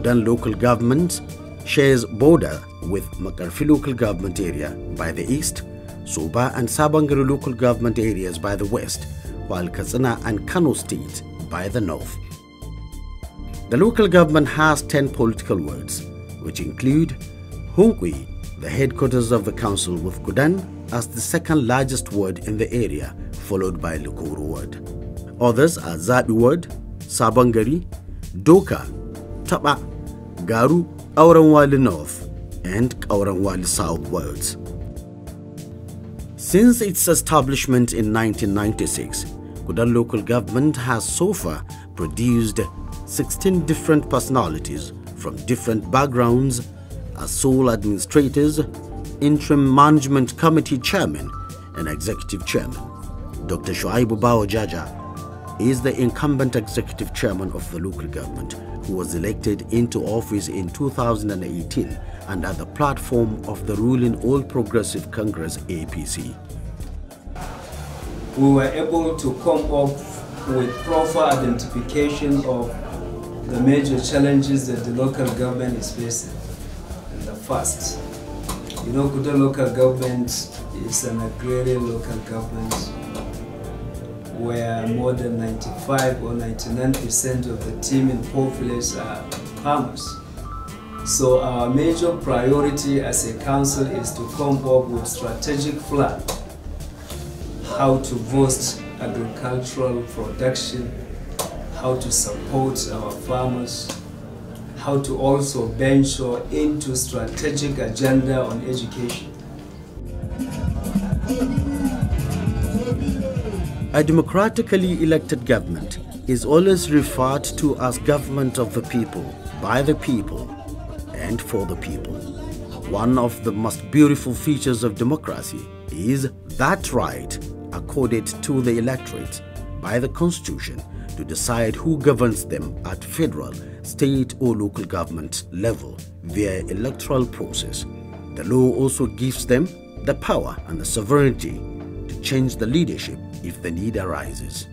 Udan local government shares border with Makarfi local government area by the east, Suba and Sabangari local government areas by the west, while Katsina and Kano state by the north. The local government has 10 political wards, which include Hunkwi, the headquarters of the council with Kudan as the second largest ward in the area, followed by Lukuru ward. Others are Zabi ward, Sabangari, Doka, Taba, Garu, Auranwali North and South wards. Since its establishment in 1996, Kudan local government has so far produced 16 different personalities from different backgrounds as sole administrators, interim management committee chairman and executive chairman. Dr. Bao Jaja is the incumbent executive chairman of the local government who was elected into office in 2018 under the platform of the ruling All Progressive Congress APC. We were able to come up with proper identification of the major challenges that the local government is facing. And the first, you know, local government is an agrarian local government where more than 95 or 99% of the team in Populace are farmers. So our major priority as a council is to come up with strategic plan how to boost agricultural production, how to support our farmers, how to also venture into strategic agenda on education. A democratically elected government is always referred to as government of the people, by the people, and for the people. One of the most beautiful features of democracy is that right accorded to the electorate by the constitution to decide who governs them at federal, state or local government level via electoral process. The law also gives them the power and the sovereignty to change the leadership if the need arises.